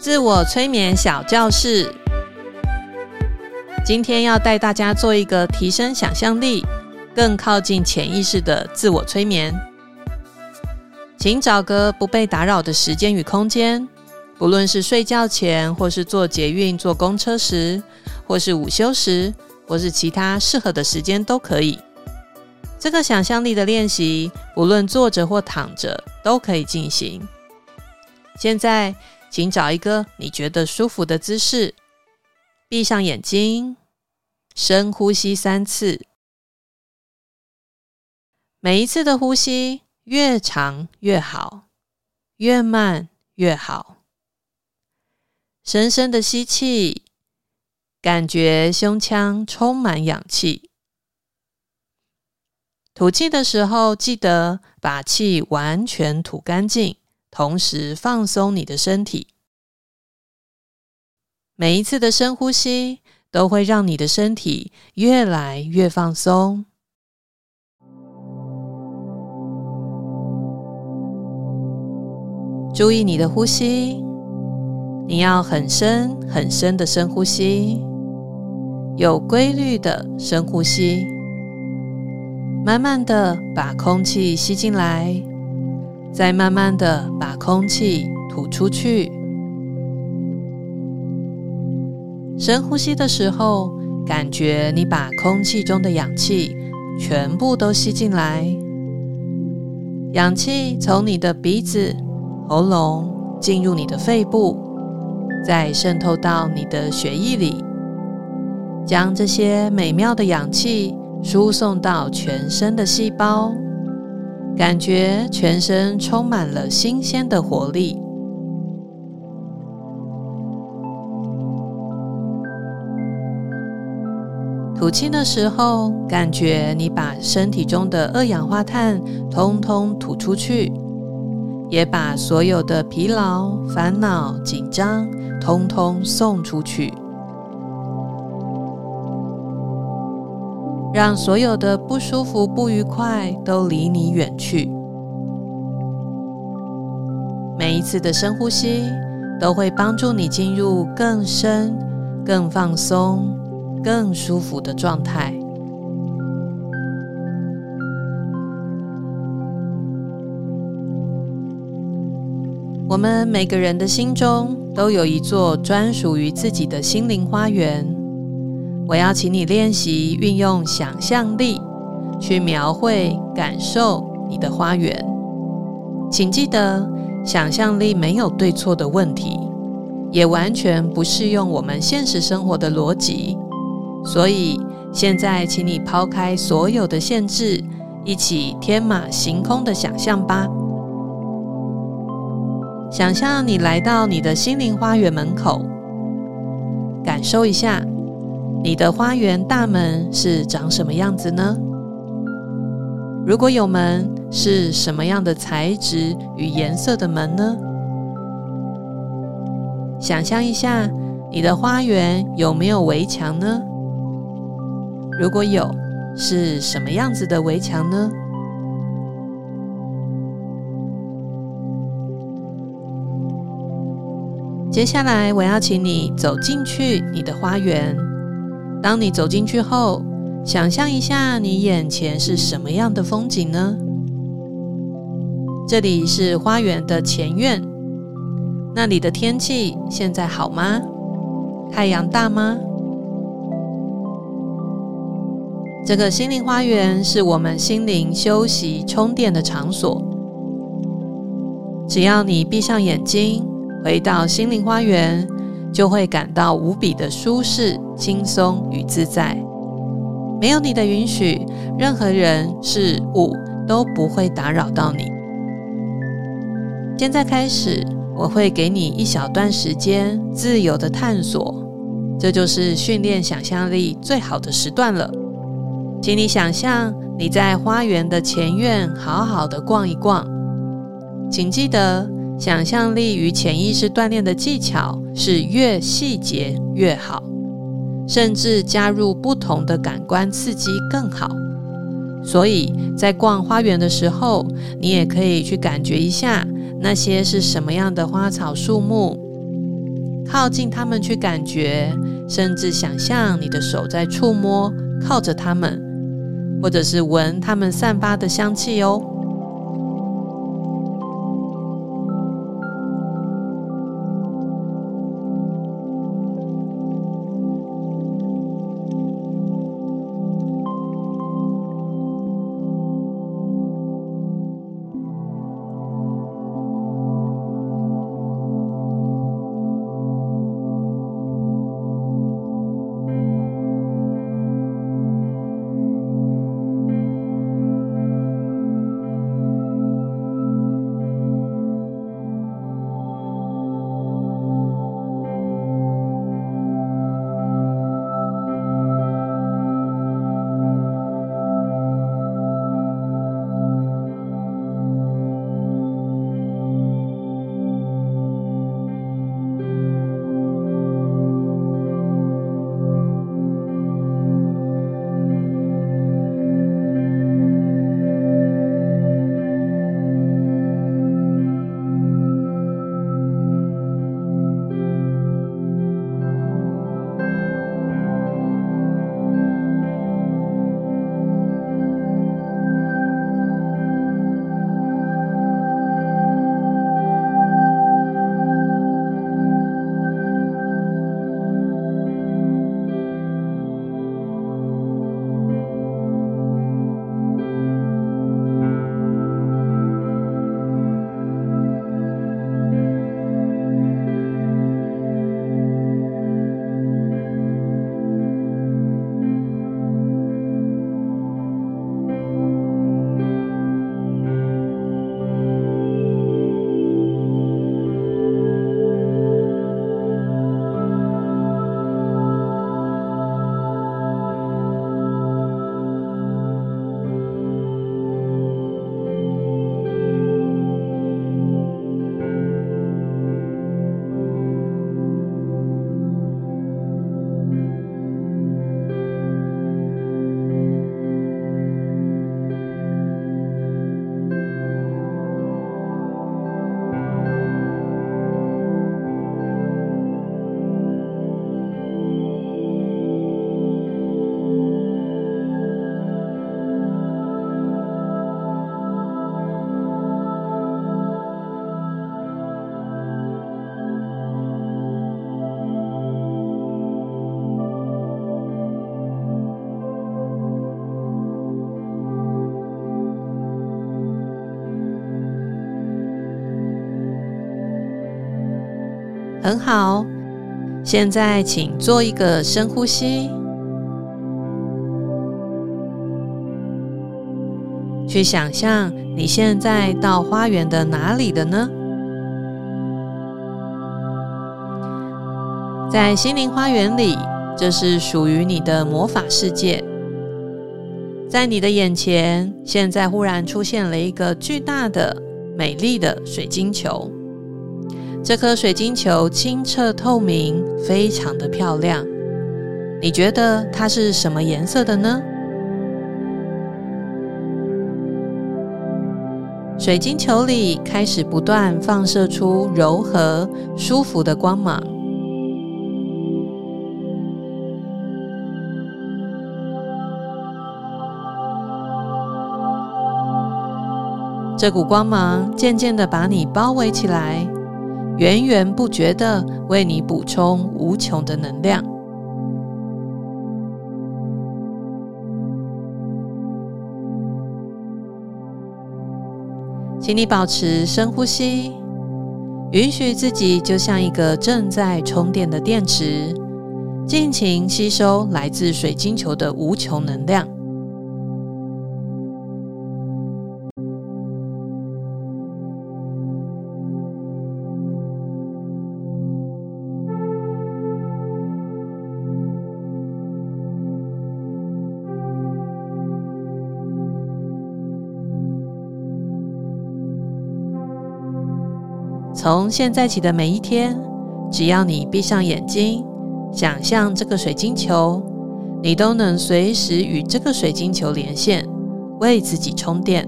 自我催眠小教室，今天要帶大家做一個提升想象力、更靠近潛意識的自我催眠。請找個不被打擾的時間與空間，不論是睡覺前，或是坐捷運、坐公車時，或是午休時，或是其他適合的時間都可以。這個想象力的練習，無論坐着或躺着都可以進行。現在。請找一個你覺得舒服的姿勢，閉上眼睛，深呼吸三次。每一次的呼吸越長越好，越慢越好。深深的吸氣，感覺胸腔充滿氧氣。吐氣的時候，記得把氣完全吐乾淨。同時放鬆你的身體，每一次的深呼吸都會讓你的身體越來越放鬆。注意你的呼吸，你要很深很深的深呼吸，有規律的深呼吸，慢慢的把空氣吸進來。再慢慢的把空氣吐出去。深呼吸的時候，感覺你把空氣中的氧氣全部都吸進來，氧氣從你的鼻子、喉嚨進入你的肺部，再滲透到你的血液裡，將這些美妙的氧氣輸送到全身的細胞。感覺全身充滿了新鮮的活力。吐氣的時候，感覺你把身體中的二氧化碳通通吐出去，也把所有的疲勞、煩惱、緊張通通送出去。讓所有的不舒服、不愉快都離你遠去。每一次的深呼吸都會幫助你進入更深、更放鬆、更舒服的狀態。我們每個人的心中都有一座專屬於自己的心靈花園。我要請你練習運用想象力去描繪、感受你的花園。請記得，想象力沒有對錯的問題，也完全不適用我們現實生活的邏輯。所以，現在請你拋開所有的限制，一起天馬行空的想象吧。想象你來到你的心靈花園門口，感受一下。你的花園大門是長什麼樣子呢？如果有門，是什麼樣的材質與顏色的門呢？想象一下，你的花園有沒有圍牆呢？如果有，是什麼樣子的圍牆呢？接下來，我要請你走進去你的花園。當你走進去後，想象一下你眼前是什麼樣的風景呢？這裡是花園的前院，那裡的天氣現在好嗎？太陽大嗎？這個心靈花園是我們心靈休息充電的場所。只要你閉上眼睛，回到心靈花園。就會感到無比的舒適、輕鬆與自在。沒有你的允許，任何人事物都不會打擾到你。現在開始，我會給你一小段時間自由的探索，這就是訓練想象力最好的時段了。請你想象你在花園的前院好好的逛一逛，請記得。想象力與潛意識鍛鍊的技巧是越細節越好，甚至加入不同的感官刺激更好。所以在逛花園的時候，你也可以去感覺一下那些是什麼樣的花草樹木，靠近它們去感覺，甚至想象你的手在觸摸，靠着它們，或者是聞它們散發的香氣哦。很好，現在請做一個深呼吸，去想象你現在到花園的哪裡的呢？在心靈花園裡，這是屬於你的魔法世界。在你的眼前，現在忽然出現了一個巨大的、美麗的水晶球。這顆水晶球清澈透明，非常的漂亮。你覺得它是什麼顏色的呢？水晶球裡開始不斷放射出柔和舒服的光芒。這股光芒漸漸的把你包圍起來。源源不絕的為你補充無窮的能量，請你保持深呼吸，允許自己就像一個正在充電的電池，盡情吸收來自水晶球的無窮能量。從現在起的每一天，只要你閉上眼睛，想象這個水晶球，你都能隨時與這個水晶球連線，為自己充電。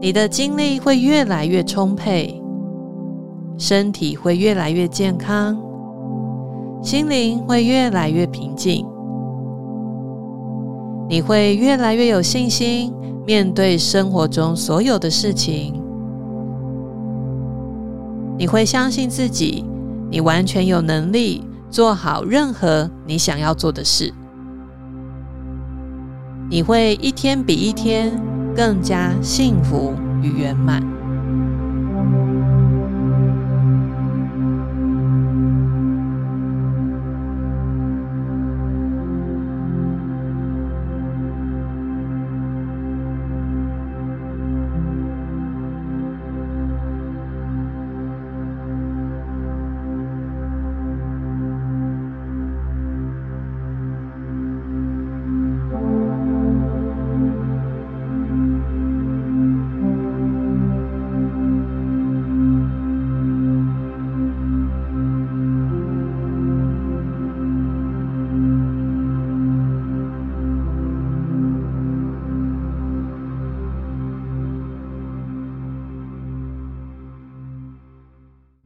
你的精力會越來越充沛，身體會越來越健康，心靈會越來越平靜。你會越來越有信心面對生活中所有的事情。你會相信自己，你完全有能力做好任何你想要做的事。你會一天比一天更加幸福與圓滿。